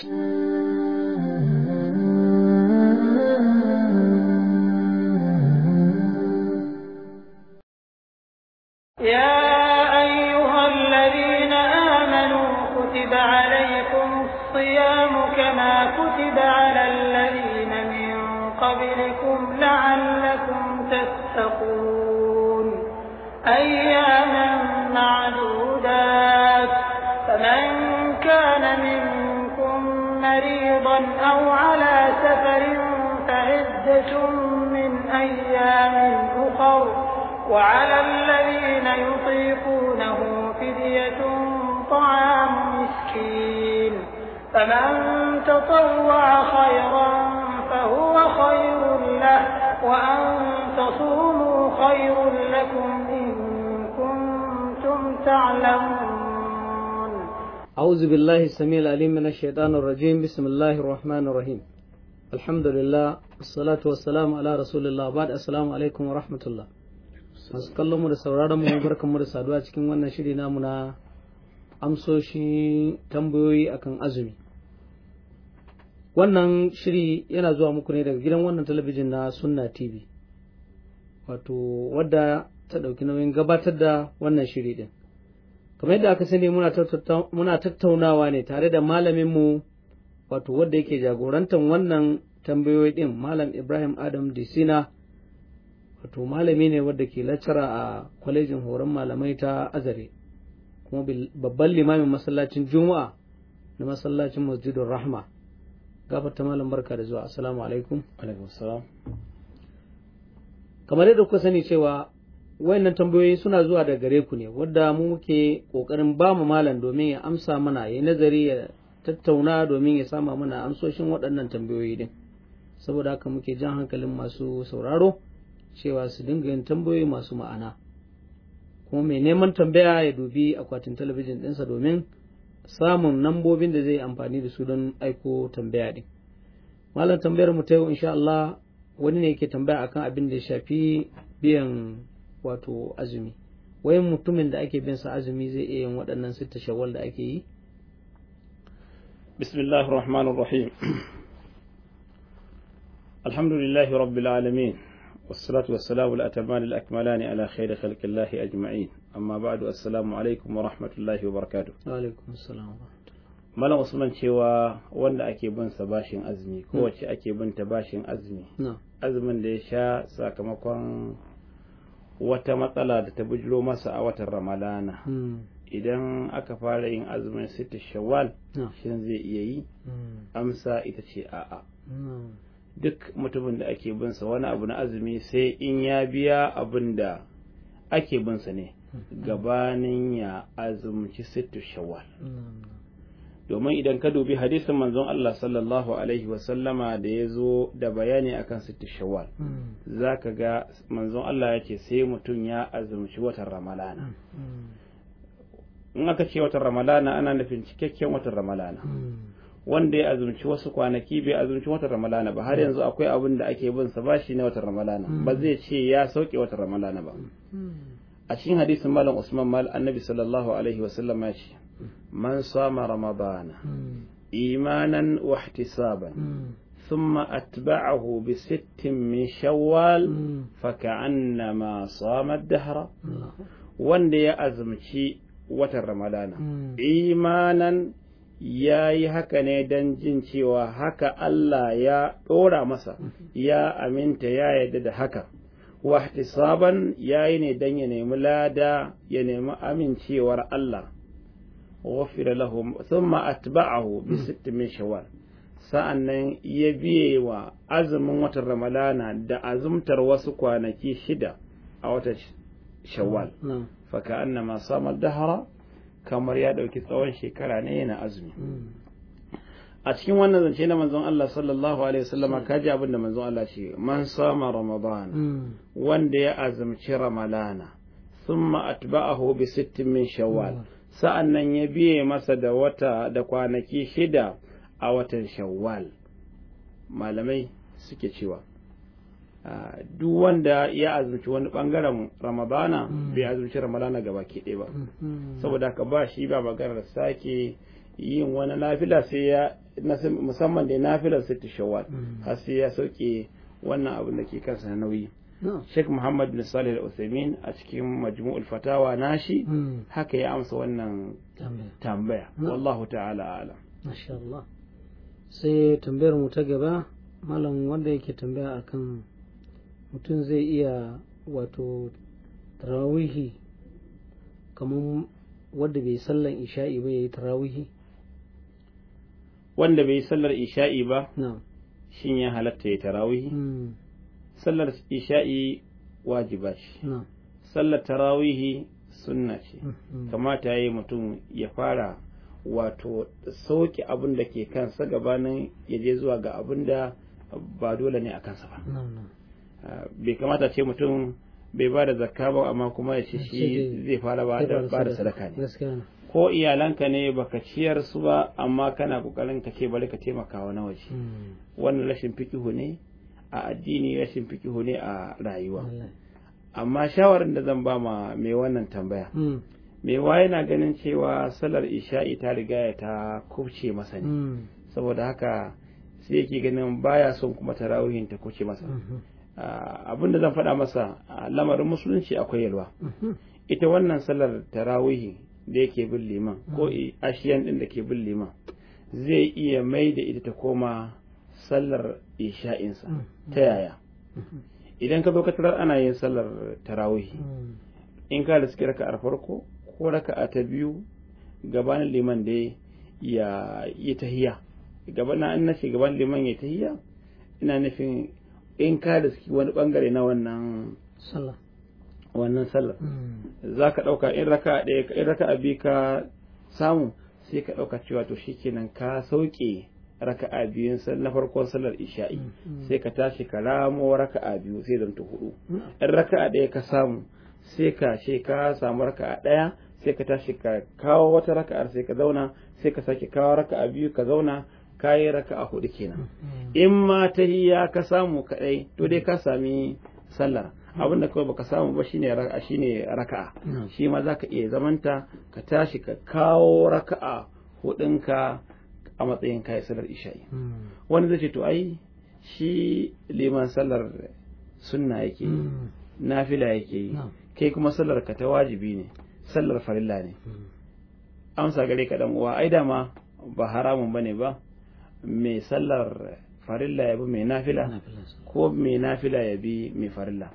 Christ. تطوع خيرا فهو خير له وأن تصوموا خير لكم إن كنتم تعلمون أعوذ بالله السميع العليم من الشيطان الرجيم بسم الله الرحمن الرحيم الحمد لله والصلاة والسلام على رسول الله بعد السلام عليكم ورحمة الله masu kallon mu da sauraron mu barkanmu da saduwa cikin wannan shiri namu na amsoshi tambayoyi akan azumi wannan shiri yana zuwa muku ne daga gidan wannan talabijin na sunna tv wato wadda ta ɗauki nauyin gabatar da wannan shiri ɗin kamar yadda aka sani muna tattaunawa ne tare da malaminmu wato wadda yake jagorantar wannan tambayoyi din malam ibrahim adam disina wato malami ne wadda ke lacara a kwalejin horon malamai ta azare kuma babban limamin masallacin juma'a na masallacin masjidun rahma gafarta malam barka da zuwa assalamu alaikum alaikum salam kamar yadda kuka sani cewa wayannan tambayoyi suna zuwa da gare ku ne wanda mu muke kokarin ba mu malam domin ya amsa mana ya nazari ya tattauna domin ya sama mana amsoshin waɗannan tambayoyi din saboda haka muke jan hankalin masu sauraro cewa su dinga yin tambayoyi masu ma'ana kuma mai neman tambaya ya dubi akwatin talabijin ɗinsa domin samun nambobin da zai amfani da su don aiko tambaya din malam tambayar mu ta yau insha Allah wani ne yake tambaya akan abin da ya shafi biyan wato azumi wai mutumin da ake bin sa azumi zai iya yin waɗannan sita shawar da ake yi bismillahir rahmanir rahim alhamdulillahi rabbil alamin والصلاة والسلام الأتمان الأكملان على خير خلق الله أجمعين أما بعد السلام عليكم ورحمة الله وبركاته وعليكم السلام ورحمة malam usman cewa wanda ake bin bashin azumi kowace ake bin bashin azumi azumin da ya sha sakamakon wata matsala da ta bujiro masa a watan ramadana idan aka fara yin azumin sittin shawwal shin zai iya yi amsa ita ce a'a duk mutumin da ake binsa wani abu na azumi sai in ya biya abin da ake binsa ne gabanin ya azumci sittu shawwal domin idan ka dubi hadisin manzon Allah sallallahu alaihi wasallama da ya zo da bayani akan sittu shawwal za ka ga manzon Allah ya sai mutum ya azumci watan ramalana in aka ce watan ramalana ana nufin cikakken watan ramalana wanda ya azumci wasu kwanaki bai azumci watan ramalana ba har yanzu akwai abin da ake bin sa bashi na watan ramalana hmm. ba zai ce ya sauke watan ramalana ba hmm. a cikin hadisin malam usman mal annabi sallallahu alaihi wa sallam ya ce man sama ramadana hmm. imanan wa ihtisaban ثم أتبعه بست من شوال فكأنما صام wanda ya يأزمشي وتر Ramadana imanan. ya yi haka ne don jin cewa haka Allah ya ɗora masa ya aminta ya yarda da haka sabon ya yi ne don ya nemi lada ya nemi amincewar Allah wafira lahu thumma atba'ahu bi sittin shawar. sa'an sa'annan ya biye wa azumin watan ramadana da azumtar wasu kwanaki shida a watan shawwal na masu sama dahara kamar ya ɗauki tsawon shekara ne yana azumi hmm. a cikin wannan zance na manzon Allah sallallahu alaihi ka ji abin da manzon Allah ce man sama ramadan hmm. wanda ya azumci ramalana thumma atba'ahu bi sittin min shawwal hmm. sa'annan ya biye masa da wata da kwanaki shida a watan shawwal malamai suke cewa duk wanda ya azumci wani bangaren ramadana hmm. bai azumci ramadana gaba ke ɗaya ba hmm, hmm. saboda ka ba shi ba maganar sake yin wani nafila sai ya musamman da nafilar ta shawar har sai ya sauke wannan abin da ke kansa nauyi Sheikh Muhammad bin Salih Al-Uthaymeen a cikin Majmu'ul Fatawa nashi haka ya amsa wannan tambaya wallahu ta'ala ala masha sai tambayar mu ta gaba malam wanda yake tambaya akan mutum zai iya wato tarawihi kamar wanda bai sallar isha'i ba ya yi tarawihi wanda bai sallar isha'i ba shin ya halatta ya tarawihi hmm. sallar isha'i wajiba shi sallar tarawihi sunna ce hmm, hmm. kamata ya yi mutum ya fara wato sauƙi abin da ke kansa gabanin ya je zuwa ga abin da ba dole ne a kansa ba bai kamata ce mutum bai ba da zakka ba amma kuma ya ce shi zai fara ba da sadaka ne ko iyalanka ne baka ciyar su ba amma kana kokarin ka ce bari ka taimaka wa waje hmm. wannan rashin fikihu ne a addini rashin fikihu ne a rayuwa amma shawarar da zan ba ma mai wannan tambaya hmm. mai wa yana ganin cewa salar isha'i ta riga ta kubce masa ne hmm. saboda haka sai yake ganin baya son kuma tarawihin ta kuce masa Ah, abin da zan faɗa masa ah, lamarin musulunci akwai yalwa mhm. ita wannan sallar tarawihi da yake bin liman ko mhm. ashiyan din da ke bin liman zai iya mai da ita ta koma sallar isha'insa mhm. ta yaya idan ka zo ka tarar ana yin sallar tarawihi in ka raka a farko ko raka ta biyu gabanin liman da ya yi tahiya gabanin an nace gabanin liman ya tahiya ina nufin in ka suke wani bangare na wannan sallah wannan sallah hmm. za ka ɗauka in raka ɗaya in raka abi ka samu sai ka ɗauka cewa to shikenan ka sauke rak'a raka'a biyun na farkon sallar isha'i hmm, hmm. sai ka tashi ka ramo a biyu sai zanto hudu in raka'a ɗaya ka samu sai ka ce ka samu raka'a ɗaya sai ka tashi ka kawo wata raka'ar sai ka zauna sai ka sake kawo raka'a biyu ka zauna kayi raka'a hudu kenan mm. in ma ta hiya ka samu kadai to dai ka sami sallar mm. abinda kawai baka samu ba shine raka'a shine raka'a mm. shi ma zaka iya zamanta ka tashi ka kawo raka'a hudunka a matsayin kayi sallar isha'i wani zai ce to ai shi liman sallar sunna yake yi nafila yake yi kai kuma sallar ka ta wajibi ne sallar farilla ne amsa gare ka dan uwa ai dama ba haramun bane ba mai sallar farilla ya bi mai nafila ko mai nafila ya bi mai farilla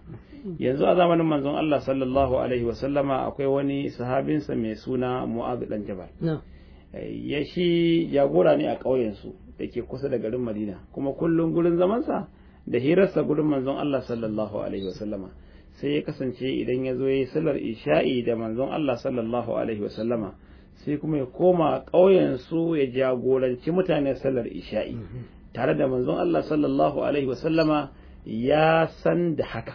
yanzu a zamanin manzon Allah sallallahu alaihi wa akwai wani sahabinsa mai suna Mu'adh dan Jabal ya shi jagora ne a ƙauyensu da ke kusa da garin Madina kuma kullum gurin zamansa da hirarsa gurin manzon Allah sallallahu alaihi wa sai ya kasance idan ya zo ya yi sallar isha'i da manzon Allah sallallahu alaihi wa sai kuma ya koma ƙauyensu ya jagoranci mutane sallar isha'i tare da manzon Allah sallallahu alaihi wasallama ya san da haka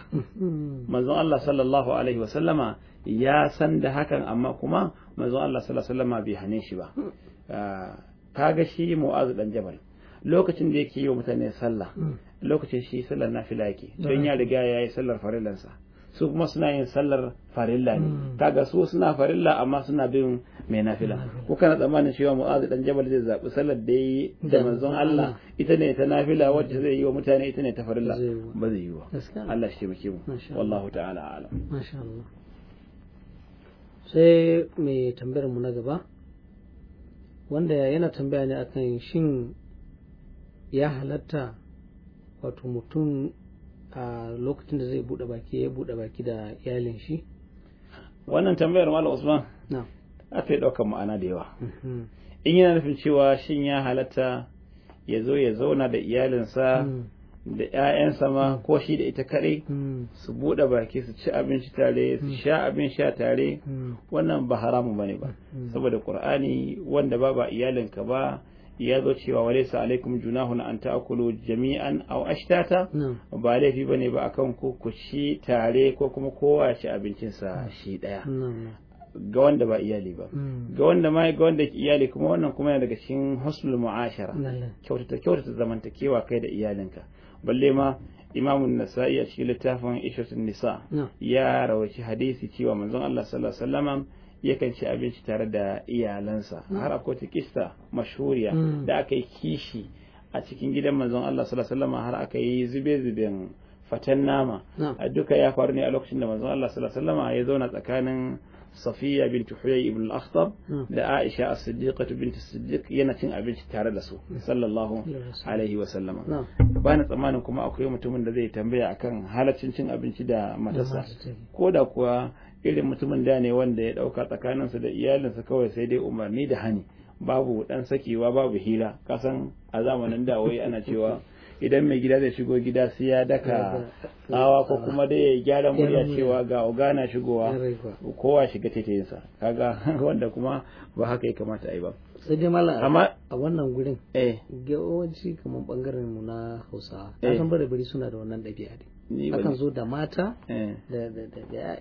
manzon Allah sallallahu alaihi wasallama ya san da hakan amma kuma manzon Allah sallallahu alaihi wasallama bai hane shi ba ah, ka ga shi mu'azu dan jabal lokacin da yake yi wa mutane sallah hmm. lokacin shi sallar nafila yake don hmm. ya riga ya yi sallar farilansa su kuma suna yin sallar farilla ne hmm. kaga su suna farilla amma suna bin mai nafila hmm. ko kana tsammanin cewa mu'azi dan jabal zai zabi sallar da yi da manzon Allah ita ne ta nafila wacce zai yi wa mutane ita ne ta farilla ba zai yi wa Allah shi taimake mu wallahu ta'ala alam masha Allah sai mai tambayar mu na gaba wanda yana tambaya ne akan shin ya halatta wato mutum a lokacin da zai buɗe baki ya buɗe baki da iyalin shi wannan tambayar malam usman a ta ɗaukar ma'ana da yawa mhm. in yana nufin cewa shin ya halatta ya zo ya zauna da iyalinsa mm. da 'ya'yansa ma mm. ko shi da ita kare mm. su buɗe baki su ci abinci tare su sha abin sha tare wannan ba haramu bane ba saboda qur'ani wanda ba ba iyalinka ba ya zo cewa wa sa alaikum juna junahun an ta'kulu jami'an aw ashtata ba laifi ne ba akan ku ku ci tare ko kuma kowa shi abincin shi daya ga wanda ba iyali ba mm. ga wanda ma ga wanda iyali kuma wannan kuma yana daga cikin husnul mu'ashara kyautata kyautata zamantakewa kai da iyalinka balle ma imamu nasa'i a cikin littafin ishatun nisa ya rawaci hadisi cewa manzon Allah sallallahu alaihi wasallam yakan ci abinci tare da iyalansa mm. har akwai kista mashuriya. Mm. da aka yi kishi a cikin gidan manzon Allah sallallahu alaihi wasallam har aka yi zube zuben fatan nama duka ya faru ne a lokacin da manzon Allah sallallahu alaihi wasallam ya zauna tsakanin safiya binti huyay ibn al-akhtab hmm. da aisha as-siddiqatu binti siddiq yana cin abinci tare da su hmm. sallallahu alaihi wa sallama ba tsammanin kuma akwai mutumin da zai tambaya akan halaccin cin abinci da matasa ko da kuwa irin mutumin da ne wanda ya dauka tsakaninsa da iyalinsa kawai sai dai umarni da hani babu dan sakewa babu hira kasan a zamanin da wai ana cewa idan mai gida zai shigo gida sai ya daka tsawa ko kuma dai ya gyara murya cewa ga ogana shigowa kowa shiga taitayinsa kaga wanda kuma ba haka ya kamata a yi ba sai dai malam a wannan gurin eh. yawanci kamar bangaren mu na hausawa ta eh. san bare suna da wannan ɗabi'a akan zo da mata eh. da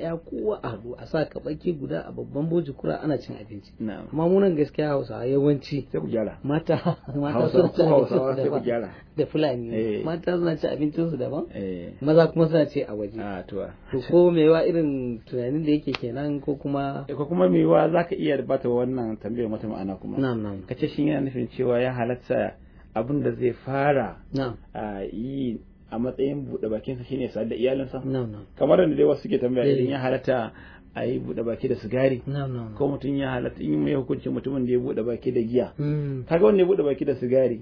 ya kowa a haɗu a sa kabaki guda a babban boji kura ana cin abinci amma munan gaskiya hausawa yawanci mata mata suna cin daban. da fulani eh. mata suna cin abincin su daban eh. maza kuma suna ce a waje ah, to ko mewa irin tunanin da yake kenan ko kuma ko kuma mewa zaka iya bata wannan tambayar mata ma'ana kuma kace shin yana nufin cewa ya halatta abin da zai fara ah, yi a matsayin buɗe sa shine sa da iyalinsa kamar da dai wasu suke tambaya idan ya halatta a yi buɗe baki da sigari ko mutum ya halatta in mai hukuncin mutumin da ya buɗe baki da giya hmm. kaga wanda ya buɗe baki da sigari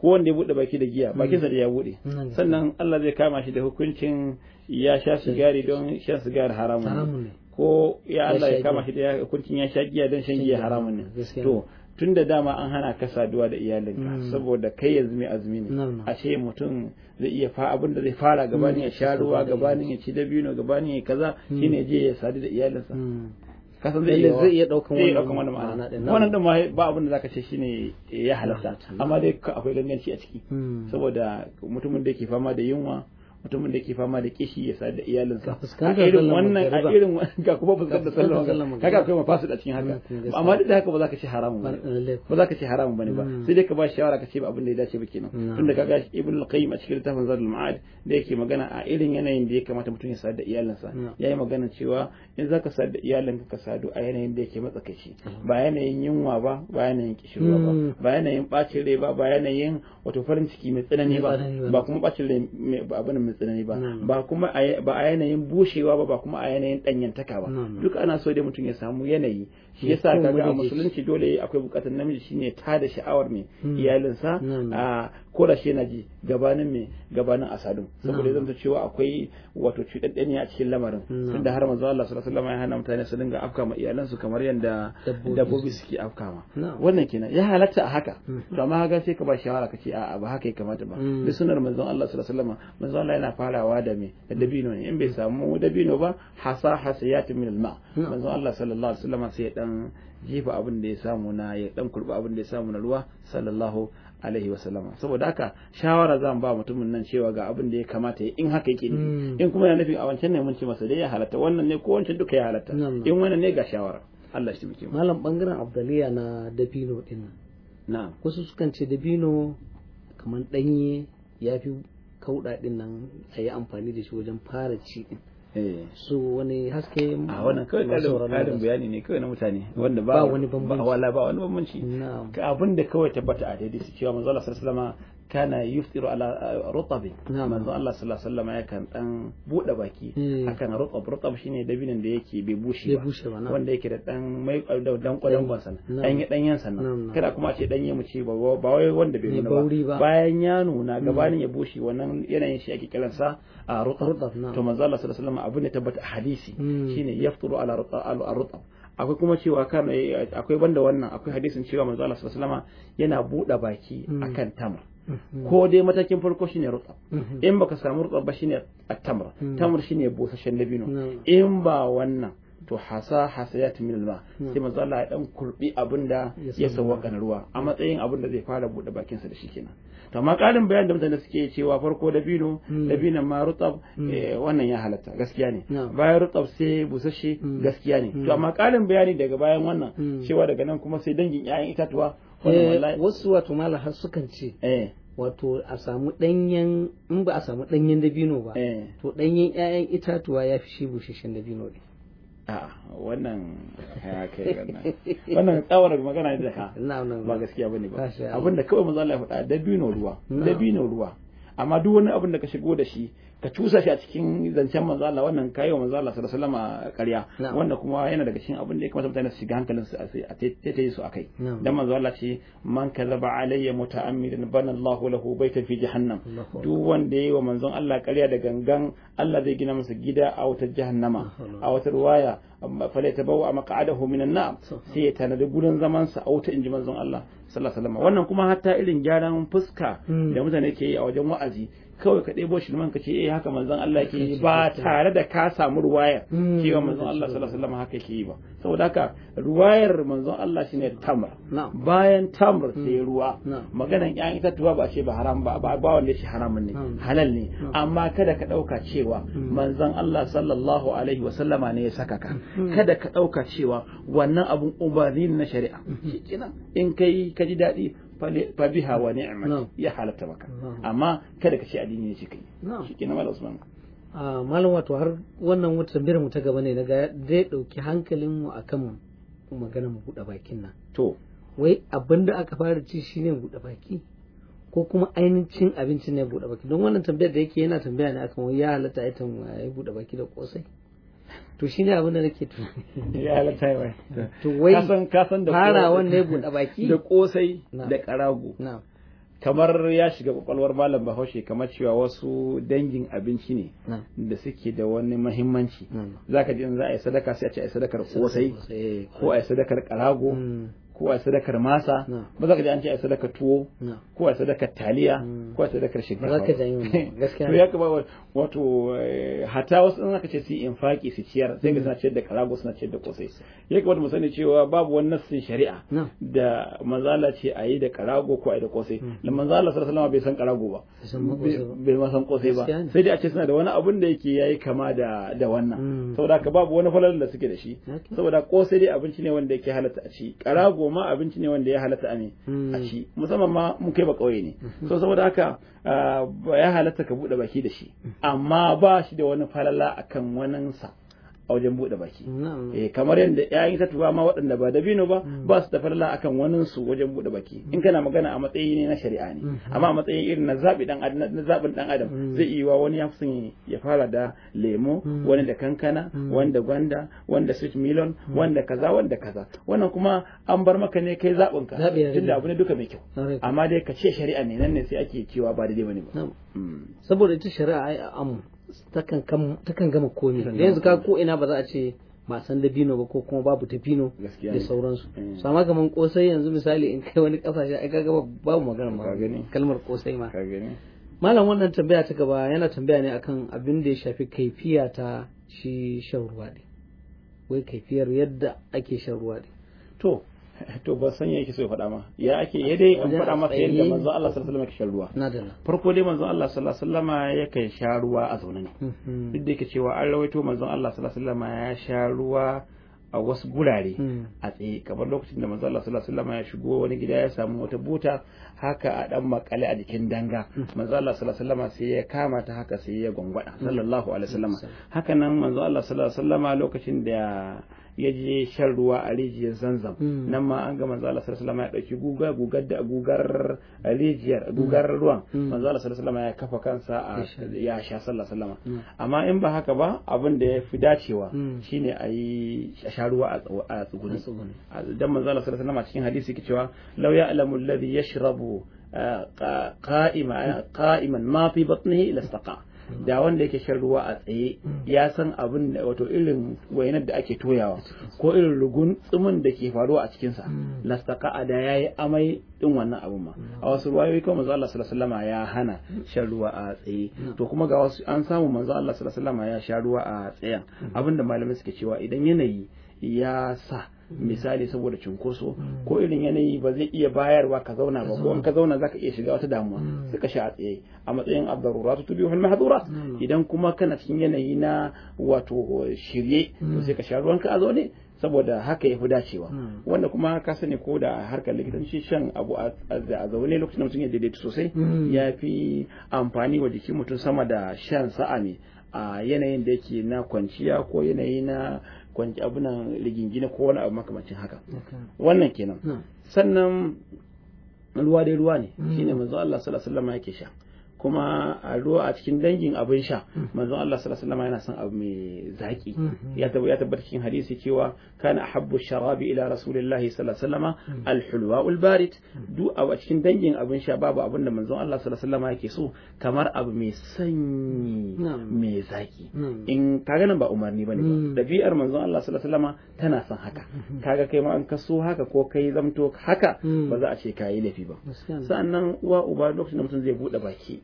ko wanda ya buɗe baki da giya hmm. bakinsa da ya buɗe sannan Allah zai kama shi da hukuncin ya sha sigari don shan sigari haramun ko ya Allah ya kama shi da hukuncin ya sha giya don shan giya haramun ne to tun da dama an hana ka saduwa da iyalinka mm. saboda kai yanzu mai azumi ne a ce mutum zai iya fa abin da zai fara mm. gabanin ya sha ruwa gabanin ya ci dabino gabanin ya kaza mm. shine je ya sadu da iyalinsa kasan zai iya zai iya daukan wannan ma'ana wannan din ma ba abin da zaka ce shine ya halatta amma dai akwai ganganci a ciki saboda mutumin da yake fama da yunwa mutumin da ke fama da kishi ya sa da iyalinsa a irin wannan a irin ga kuma da sallama magariba ga kuma mafasid a cikin haka mm, amma duk da haka ba za ka ci haramun ba ba za ka ci haramun bane ba mm. sai dai ka ba shawara ka ce ba abin da ya dace ba kenan mm. tunda ga ibnu al-qayyim a cikin tafsir zadul ma'ad da yake magana a irin yanayin da ya kamata mutum ya sa da iyalinsa yayi magana cewa in ka sa da iyalinka ka sadu a yanayin da yake matsakaici ba yanayin yunwa ba ba yanayin kishirwa ba ba yanayin bacin rai ba ba yanayin wato farin ciki mai tsanani ba ba kuma bacin rai abin mai tsanani ba ba kuma ba a yanayin bushewa ba ba kuma a yanayin danyantaka ba duk ana so dai mutum ya samu yanayi shi yasa kaga a musulunci dole akwai bukatun namiji shine ta da sha'awar mai hmm. iyalinsa hmm. a ko da shi yana ji gabanin mai gabanin asadun hmm. saboda zan cewa akwai wato cuɗaɗɗeniya a cikin lamarin tunda har manzo Allah sallallahu alaihi wasallam ya hana mutane su dinga ma iyalansu kamar yanda dabbobi suke ma wannan kenan ya halatta a haka to amma ga sai ka ba shawara kace a ba haka ya kamata ba bi sunnar manzon Allah sallallahu alaihi wasallam manzon Allah yana farawa da me da dabino ne in bai samu dabino ba hasa hasiyatun min al-ma manzon Allah sallallahu alaihi wasallam sai ya dan jifa abin da ya samu na ya dan kurba abin da ya samu na ruwa sallallahu alaihi wasallama saboda haka shawara zan ba mutumin nan cewa ga abin da ya kamata ya in haka yake hmm. in kuma yana nufi a wancan ne mun ce masa dai ya halatta wannan ne ko wancan duka ya halatta in wannan ne ga shawara Allah shi muke malam bangaren abdaliya na dabino din na wasu sukan ce dabino kamar danye yafi fi din nan a yi amfani da shi wajen fara ci din Eh. su wani haske a wannan kawai ƙarin bayani ne kawai na mutane wanda ba wani bambanci ba wala ba wani bambanci abin da kawai tabbata a daidai su cewa manzo Allah sallallahu alaihi kana yuftiru ala eh, rutabin manzo Allah sallallahu alaihi wasallam yakan dan bude baki hmm. akan rutab rutab shine dabinin da yake bai bushe ba wanda yake da dan mai eh, da dan kwadan ba sana dan yi dan yan sana kada kuma a ce dan yi mu ce ba wai wanda bai nuna ba bayan ya nuna hmm. gabanin ya bushe wannan yanayin shi ake kiransa a rutab to manzo Allah sallallahu alaihi wasallam abin da tabbata a hadisi hmm. shine yaftiru ala rutab akwai kuma cewa kan eh, akwai banda wannan akwai hadisin cewa manzo Allah sallallahu alaihi wasallam yana bude baki akan tamar Mhm. ko dai matakin farko shine rutsa mhm. in baka samu rutsa ba shine at-tamr mhm. shine bosashen dabino in ba wannan to hasa hasayat min alma sai manzo Allah ya dan kurbi abinda ya sawa na ruwa a matsayin abinda zai fara bude bakin sa da shi kenan to amma karin bayanin da mutane suke cewa farko dabino mm. Dabino ma rutab mm. eh, wannan ya halatta gaskiya ne bayan rutab sai busashe. Mm. gaskiya ne to amma karin bayani daga bayan wannan cewa daga nan kuma sai dangin 'ya'yan itatuwa Eh, wasu wato malaha sukan ce eh. wato a samu danyen in ba a samu danyen dabino ba eh. to danyen ƴaƴan itatuwa ya fi shi busheshen dabino ne wannan ya kai wannan wannan tsawar magana da ka ba gaskiya bane ba abinda kawai manzo Allah ya faɗa dabino ruwa dabino ruwa amma duk wani abin da ka shigo da shi ka cusa shi a cikin zancen manzala wannan kayi wa manzo sallallahu alaihi wasallam ƙarya wanda kuma yana daga cikin abin da ya kamata mutane su shiga hankalin su a tete su akai dan manzala Allah ce man kazaba alayya muta'ammidan bana Allah lahu baitan fi jahannam duk wanda yayi wa manzon Allah ƙarya da gangan Allah zai gina masa gida a wata jahannama a wata ruwaya fala tabawwa maq'adahu minan nar sai ya tanadi gurin zaman sa auta wuta inji manzon Allah sallallahu alaihi wasallam wannan kuma hatta irin gyaran fuska hmm. da mutane ke yi a wajen wa'azi kawai ka ɗebo shi ka ce eh haka manzon Allah ke yi ba tare da ka samu ruwayar hmm, cewa manzon Allah sallallahu alaihi wasallam haka ke yi ba saboda haka ruwayar manzon Allah shine tamr bayan tamr hmm. sai ruwa maganan ƴan itatuwa ba ce ba haram ba ba wanda shi haramun ne hmm. halal ne amma kada ka ɗauka cewa manzon Allah sallallahu alaihi wasallam ne ya saka ka kada ka ɗauka cewa wannan abun umarni na shari'a kina in kai ka ji daɗi fa biha wa ni'mat ya halatta maka amma kada ka ce addini ne shi kai shikenan malam usman malam wato har wannan wata tambayar mu ta gaba ne daga zai dauki hankalin mu akan maganar mu buɗe bakin nan to wai abinda aka fara ci shine buɗe baki ko kuma ainihin abinci ne buɗe baki don wannan tambayar da yake yana tambaya ne akan ya halatta ya buɗe baki da kosai to shine abin da nake tunani ya halatta yawa to wai kasan kasan da fara ya buɗe baki da kosai da karago kamar ya shiga kwakwalwar malam bahaushe kamar cewa wasu dangin abinci ne da suke da wani mahimmanci ka ji in za a yi sadaka sai a ce a yi sadakar kosai eh, ko a yi sadakar karago mm. ko a sadakar masa ba za ka ji an ce a sadakar tuwo ko a sadakar taliya mm. ko a sadakar shinkafa ba za ka ji gaskiya ya kaba wato eh, hata wasu in aka ce su yi infaki su ciyar sai ga mm. suna ciyar da karago suna ciyar da kosai ya kamata mu sani cewa babu wani nassin shari'a da manzala ce a yi da karago ko a yi da kosai mm. da manzala sallallahu bai san karago ba bai ma san kosai ba sai dai a ce suna da wani abun da yake yayi kama da da wannan saboda ka babu wani falalar da suke da shi saboda kosai dai abinci ne wanda yake halatta a ci karago Koma ma abinci ne wanda ya halatta ne hmm. a ci musamman ma mun kai ba kauye ne hmm. so saboda haka ya halatta ka bude baki da shi hmm. amma ba shi da wani falala akan wanansa. a wajen buɗe baki eh kamar yadda ƴaƴan itatuwa ma waɗanda ba dabino ba mm. ba su da farla akan wani su wajen buɗe baki in kana magana a matsayi ne na shari'a ne mm-hmm. amma a matsayin irin na zabi dan adam na zabin dan adam mm. zai iya wani ya fi ya fara da lemo mm. wani da kankana wani da gwanda wani da sweet melon wani da kaza wani da kaza wannan kuma an bar maka ne kai zabin ka tunda abu ne duka mai kyau amma dai ka ce shari'a ne nan ne sai ake cewa ba daidai bane ba saboda ita shari'a ai amu takan gama komi da yanzu ka ko ina ba za a ce ba san da bino ba ko kuma babu ta bino da sauransu eh. sama amma kosai yanzu misali in kai wani kasashe ai kaga babu magana ma kalmar kosai ma malam wannan tambaya ta gaba yana tambaya ne akan abin da ya shafi kaifiya ta shi shan ruwa wai kaifiyar yadda ake shan ruwa to to ba san yake so ya faɗa ma ya ake ya dai an faɗa masa yadda manzon Allah sallallahu alaihi wasallam yake shan ruwa farko dai manzon Allah sallallahu alaihi wasallam yakan sha ruwa a zauna ne mm-hmm. duk da yake cewa an rawaito manzon Allah sallallahu alaihi wasallam ya sha ruwa a wasu gurare mm. a tsaye kamar lokacin da manzon Allah sallallahu alaihi wasallam ya shigo wani gida ya samu wata buta haka a dan makale a jikin danga mm. manzon Allah sallallahu alaihi wasallam sai ya kama ta haka sai ya gwangwada mm. sallallahu alaihi wasallam haka nan manzo Allah sallallahu alaihi wasallam lokacin da ya je shan ruwa a rijiyar zanzam hmm. nan ma an ga manzo Allah sallallahu ya dauki guga gugar da gugar rijiyar hmm. gugar ruwan hmm. manzo Allah sallallahu ya kafa kansa a ya sha sallallahu alaihi amma in ba haka ba abin da ya fi dacewa shine a yi a sha ruwa a tsuguni dan manzo Allah sallallahu cikin hadisi yake cewa law ya'lamu alladhi yashrabu qa'iman ma fi batnihi lastaqa da wanda yake shan ruwa a tsaye ya san abin da wato irin wayanar da ake toyawa ko irin rugun tsumin da ke faruwa a cikinsa mm. lastaka a da yi amai din wannan abin ma mm. a wasu ruwayoyi kuma manzo Allah sallallahu ya hana shan ruwa a tsaye mm. to kuma ga wasu an samu manzo Allah sallallahu ya sha ruwa a tsayen da malamai suke cewa idan yanayi ya sa misali saboda cunkoso hmm. ko irin yanayi ba zai iya bayarwa ka zauna ba ko in ka zauna zaka iya shiga wata damuwa hmm. suka sha a tsaye a matsayin abdaruratu tubihul mahdhurat hmm. idan kuma kana cikin yanayi na wato shirye to sai ka sha ka a zaune saboda haka yafi dacewa wanda kuma ka sani ko da harkar likitanci shan abu a zaune lokacin da mutum ya daidaita sosai ya fi amfani wa jikin mutum sama da shan sa'a ne a yanayin da yake na kwanciya ko yanayi na kwanci abunan rigingine ko wani abu makamacin haka wannan kenan hmm. sannan ruwa dai ruwa ne hmm. shine manzo Allah sallallahu alaihi wasallam yake sha kuma a ruwa a cikin dangin abin sha mm-hmm. manzon Allah sallallahu alaihi yana son abu mai zaki mm-hmm. ya tabbata cikin hadisi cewa kana ahabbu sharabi ila rasulillahi sallallahu alaihi wasallam mm-hmm. alhulwa ulbarid duk a cikin dangin abin sha babu abin da manzon Allah sallallahu alaihi yake so kamar abu mai sanyi mai zaki in kaga nan ba umarni bane mm. dabi'ar manzon Allah sallallahu alaihi tana son haka kaga kai ma an kaso haka ko kai zamto haka mm. ba za a ce kayi laifi ba sa'annan uwa uba lokacin da mutum zai bude baki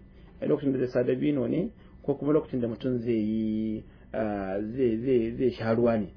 lokacin da zai sa bino ne ko kuma lokacin da mutum zai yi ah, zai sha ruwa ne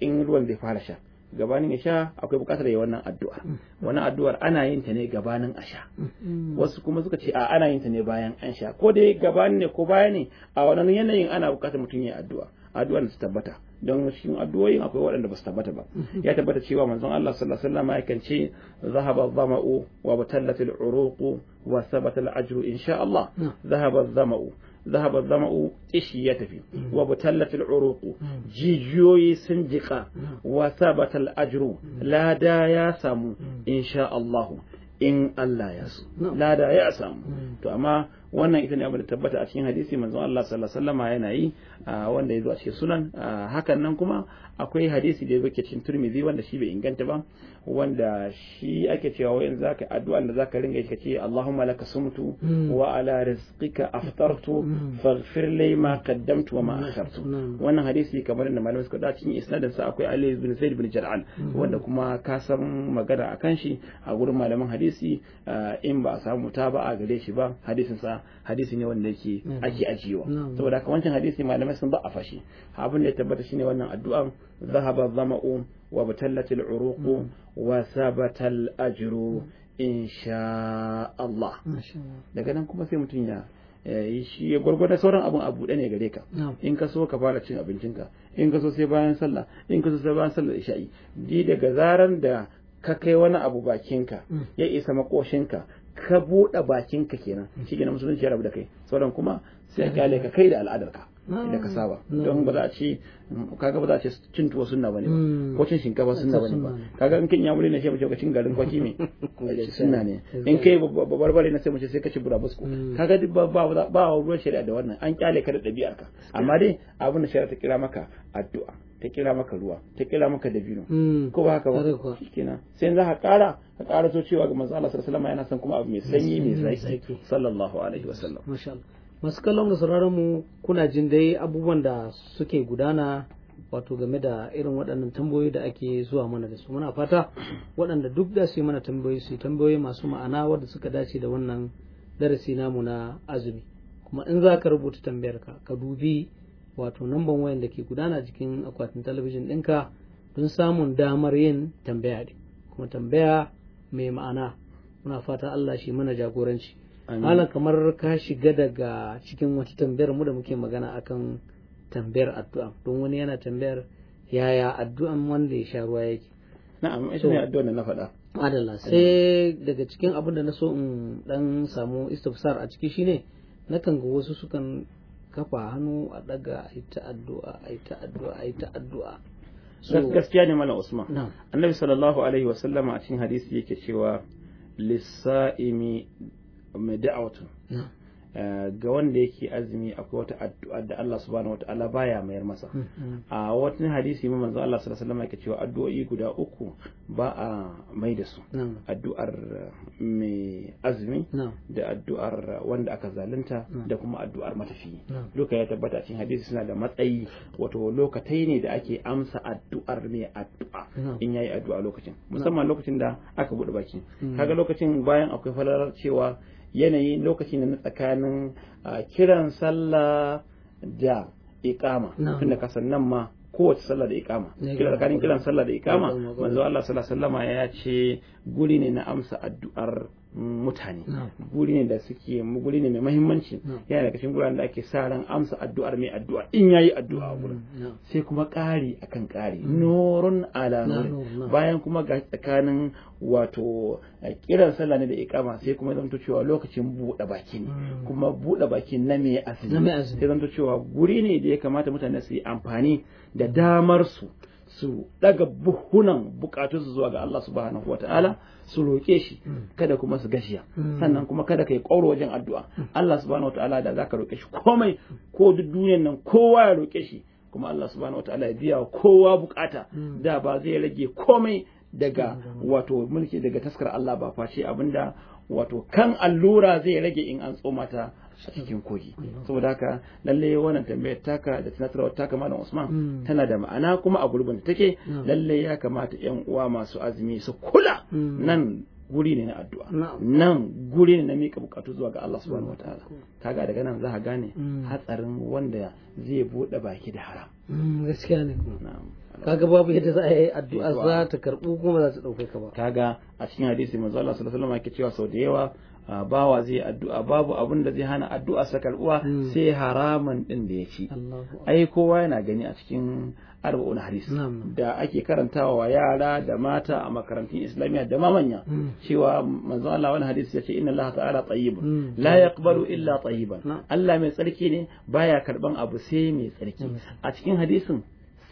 in ruwan zai fara sha gabanin ya sha akwai bukatar ya wannan addu'a mm. wannan addu'ar ana yin ta ne gabanin a sha mm. Mm. wasu kuma suka ce a ana yin ta ne bayan an sha ko dai gabanin ne ko baya ne a wannan yanayin ana bukatar mutum ya addu'a addu'ar ta tabbata don cikin addu'o'in akwai waɗanda ba su tabbata ba mhm. ya tabbata cewa manzon Allah sallallahu alaihi wasallam yakan ce zahaba zama'u wa batallatil uruqu wa sabata al-ajru insha Allah zahaba zama'u zahaba zama'u ishi ya tafi mhm. wa batallatil uruqu mhm. jijiyoyi sun jika wa sabata al-ajru lada ya samu insha Allah in Allah ya so lada ya samu to amma wannan ita ne abin da tabbata a cikin hadisi manzon Allah sallallahu alaihi wasallam yana yi wanda yazo a cikin sunan hakan nan kuma akwai hadisi da yake cikin Tirmidhi wanda shi bai inganta ba wanda shi ake cewa wayan zaka addu'a da zaka ringa ka ce Allahumma laka sumtu hmm. wa ala rizqika aftartu hmm. faghfir li ma qaddamtu wa ma hmm. akhartu wannan hadisi kamar inda malamai suka dace cikin isnadin sa akwai Ali ibn Zaid ibn Jar'an. wanda kuma ka san magana akan shi a gurin malaman hadisi eh, in ba a samu ta ba a gare shi ba hadisin sa hadisi ne wanda yake ake ajiyewa saboda haka wancan hadisi malamai sun ba a fashi abin da ya tabbata shine wannan addu'an zahaba zama'u وابتلت العروق وثبت الأجر إن شاء الله daga nan kuma sai mutum ya shi ya gwargwada sauran abun abu ɗaya ne gare ka in ka so ka fara cin abincinka in ka so sai bayan sallah in ka so sai bayan sallah isha'i di daga zaran da ka kai wani abu bakinka ya isa makoshinka ka Ka buɗe bakinka kenan shi gina musulunci ya rabu da kai sauran kuma sai ka ka kai da al'adarka da ka saba mm. don ba za a ce kaga ba za a ce cin tuwo ba ne mm. ba ko cin shinkafa suna ba ne ba kaga in kin ya wuri na shi mace cin garin kwaki ne suna ne in kai barbare na sai mace sai ka ci burabusko mm. kaga duk ba ba ba ruwan shari'a da wannan an kyale ka da dabi'ar ka amma dai abin da shari'a ta kira maka addu'a ta kira maka ruwa ta kira maka dabino ko ba haka ba Kina. sai za ka kara ka kara so cewa ga manzo Allah sallallahu alaihi wasallam yana son kuma abu mai sanyi mai zaki sallallahu alaihi wasallam masha Allah masu kallon da sauraron mu kuna jin dai abubuwan da suke gudana wato game da irin waɗannan tambayoyi da ake zuwa mana da su muna fata waɗanda duk da su mana tambayoyi su tambayoyi masu ma'ana wadda suka dace da wannan darasi namu na azumi kuma in za ka rubuta tambayar ka ka dubi wato namban wayan da ke gudana jikin akwatin talabijin ɗinka don samun damar yin tambaya ne kuma tambaya mai ma'ana muna fata Allah shi mana jagoranci malam kamar ka shiga daga cikin wata tambayar mu da muke magana akan tambayar addu'a don wani yana tambayar yaya addu'an wanda ya sha ruwa yake na'am ita ne addu'an da na faɗa adalla sai daga cikin abin da na so in dan samu istifsar a ciki shine na kan ga wasu sukan kafa hannu a daga a ta addu'a a ta addu'a a ta addu'a gaskiya ne malam usman annabi sallallahu alaihi wa sallama a cikin hadisi yake cewa lissa'imi mai da'awatu eh, ga wanda yake azumi akwai wata addu'a da Allah subhanahu wataala baya mayar masa hmm, hmm. a wata hadisi mai manzo Allah sallallahu alaihi wasallam yake cewa addu'o'i guda uku ba a mai da su addu'ar eh, mai azumi da addu'ar wanda aka zalunta da kuma addu'ar matafi duka ya tabbata cikin hadisi suna da matsayi wato lokatai ne da ake amsa addu'ar mai addu'a in yayi addu'a lokacin musamman lokacin da aka bude baki hmm. kaga lokacin bayan akwai falalar cewa yanayin da na tsakanin ah, kiran sallah da tun da kasan nan ma kowace sallah da ikama kila tsakanin kiran sallah da ikama manzo Allah sallallahu alaihi wasallama ya ce guri ne na amsa addu'ar mutane guri ne da suke guri ne mai mahimmanci yana daga cikin guraren da ake sa ran amsa addu'ar mai addu'a in yayi addu'a a gurin sai kuma ƙari akan ƙari nurun ala nur bayan kuma ga tsakanin wato eh, kiran sallah ne da ikama sai kuma zanto cewa lokacin buɗe baki ne hmm. kuma buɗe baki na mai azumi sai zanto cewa guri ne da ya kamata mutane su yi amfani da damar su su daga buhunan bukatunsu zuwa ga Allah subhanahu wa ta'ala su roƙe shi hmm. kada kuma su gashiya hmm. sannan kuma kada ka yi ƙauro wajen addu'a hmm. Allah subhanahu wa ta'ala da za ka roƙe shi komai ko duk duniyan nan kowa ya roƙe shi kuma Allah subhanahu wa ta'ala ya biya wa kowa bukata da ba zai rage komai daga wato mulki daga taskar Allah ba face abinda wato kan allura zai rage in an tsoma ta cikin kogi saboda haka lalle wannan tambayar taka da tunatarwa taka malam Usman mm. tana da ma'ana kuma a gurbin da take mm. lalle ya kamata yan uwa masu azumi su kula mm. nan guri ne na addu'a nan guri ne na mika bukatu zuwa ga Allah subhanahu wataala kaga daga nan za ka gane hatsarin wanda zai bude baki da haram gaskiya ne kaga babu yadda za a yi addu'a za ta karbu kuma za ta dauke ka ba kaga a cikin hadisi manzo Allah sallallahu alaihi wasallam yake cewa sau da yawa bawa zai addu'a babu abin da zai hana addu'a sa karbuwa hmm. sai haraman ɗin da ya ci ai kowa yana gani a cikin arba'un hadis da ake karantawa wa yara da mata a makarantun islamiyya da ma manya hmm. cewa manzo Allah wani hadis ce inna Allah ta'ala tayyibun hmm. la yaqbalu illa tayyiban Allah mai tsarki ne baya karban abu sai mai tsarki a cikin hadisin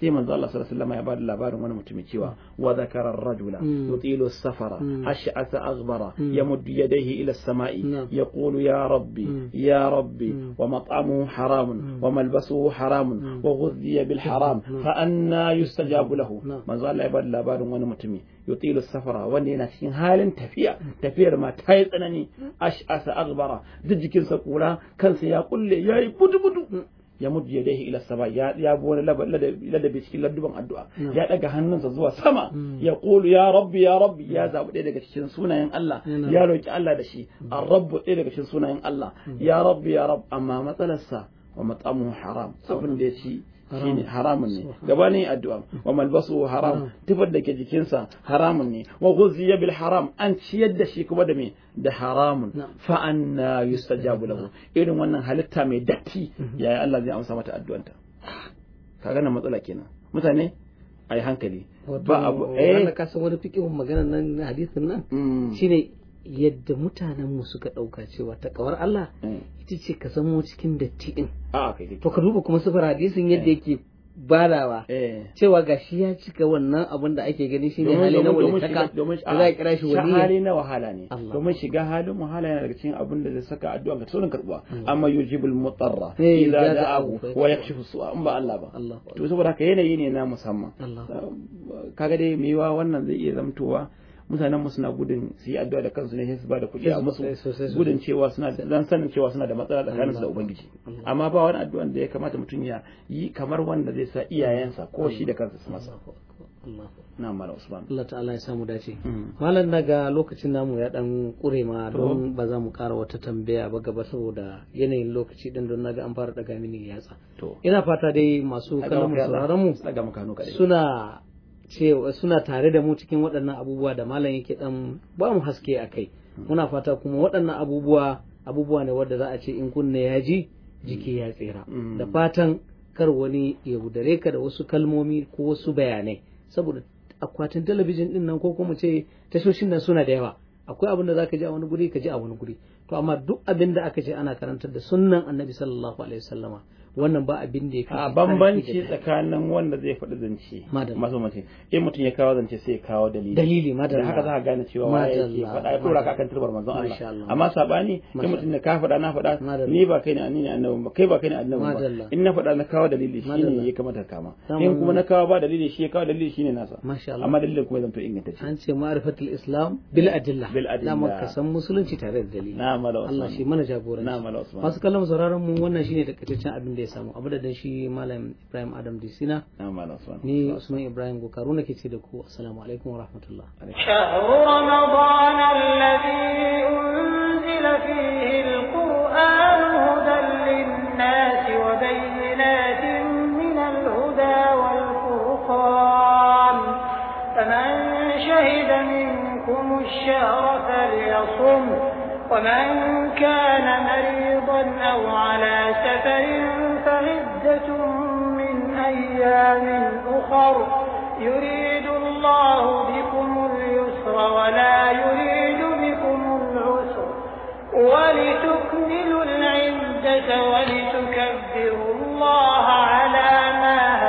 sai manzo Allah sallallahu alaihi wasallam ya bada labarin wani mutumi cewa wa zakara rajula yutilu safara ash'asa aghbara yamuddu yadayhi ila as-sama'i yaqulu ya rabbi ya rabbi wa mat'amuhu haramun wa malbasuhu haramun wa ghudhiya bil haram fa anna yustajabu lahu manzo Allah ya bada labarin wani mutumi yutilu safara wanda yana cikin halin tafiya tafiyar ma ta yi tsanani ash'asa aghbara duk jikinsa kura kansa ya kulle yayi budu budu ya mudu ya dahi ila sama ya ya bi wani ladabi cikin ladduban addu'a ya daga hannunsa zuwa sama ya qulu ya rabbi ya rabbi ya zabi ɗaya daga cikin sunayen Allah ya roki Allah da shi an rabbu ɗaya daga cikin sunayen Allah ya rabbi ya rabb amma matsalarsa wa mat'amuhu haram abin da ya ci shine haramun ne gabanin addu'a wa malbasu haram tufar da ke jikinsa haramun ne wa ghuziya bil haram an ciyar da shi kuma da me da haramun fa anna yustajabu lahu irin wannan halitta mai datti mhm. yayi Allah zai amsa mata addu'anta kaga nan matsala kenan mutane ai hankali ba abu eh wannan kasan wani fikihun maganar nan hadisin nan mm. shine yadda mutanen mu suka ɗauka cewa ta kawar Allah mm. ita ce ka zamo cikin datti ɗin. To ka duba kuma sufar hadisin yadda eh. yake badawa eh. cewa gashi ya cika wannan abin da ake gani shine hali na walitaka da za ka kira shi wani hali na wahala ne domin shiga halin wahala yana daga cikin abin da zai saka addu'a ga tsoron karbuwa amma yujibul mutarra eh, idza da'ahu wa yakshifu su'a in ba Allah ba to saboda haka yanayi ne na musamman kaga dai mewa wannan zai iya zamtowa mutanen mu suna gudun su yi addu'a da kansu ne sai su ba da kuɗi a musu gudun cewa suna dan sanin cewa suna da matsala tsakanin su da ubangiji amma ba wani addu'a da ya kamata mutum ya yi kamar wanda zai sa iyayensa ko shi da kansa su masa na mara usman Allah ta'ala ya samu dace mm. malam daga lokacin namu ya dan kure ma don ba za mu kara wata tambaya ba gaba saboda yanayin lokaci din don naga an fara daga mini yatsa ina fata dai masu kallon mu sauraron mu suna cewa suna tare da mu cikin waɗannan abubuwa da malam yake ɗan ba mu haske a kai muna fata kuma waɗannan abubuwa abubuwa ne wadda za a ce in kunna ya ji jiki ya tsira mm. da fatan kar wani ya gudare ka da wasu kalmomi ko wasu bayanai saboda akwatin talabijin din nan ko kuma ce tashoshin nan suna da yawa akwai abin da zaka ji a wani guri ka ji a wani guri to amma duk abin da aka ce ana karantar da sunnan annabi sallallahu alaihi wasallama wannan ba abin da ya kai bambanci tsakanin wanda zai faɗi zance masu mace in mutum ya kawo zance sai ya kawo dalili dalili madalla haka za ka gane cewa waye yake faɗa ya tura ka kan turbar manzon Allah amma sabani in mutum ne ka faɗa na faɗa ni ba kai ne annabi annabi ba kai ba kai ne annabi ba in na faɗa na kawo dalili shine ya kamata kama in kuma na kawo ba dalili shi ya kawo dalili shine nasa amma dalilin kuma zan to inganta an ce ma'rifatul islam bil adilla bil adilla ka san musulunci tare da dalili na Allah shi mana jagora na masu kallon sauraron mu wannan shine takaitaccen abin da ya samu abu da dan shi malam Ibrahim Adam Disina ni Usman Ibrahim Gokaru nake ce da ku assalamu alaikum wa rahmatullah shahru ramadan alladhi unzila fihi alquran hudan lin wa bayyinatin min al wal-furqan faman shahida minkum ash-shahra falyasum ومن كان مريضا أو على سفر أيام أخر يريد الله بكم اليسر ولا يريد بكم العسر ولتكملوا العدة ولتكبروا الله على ما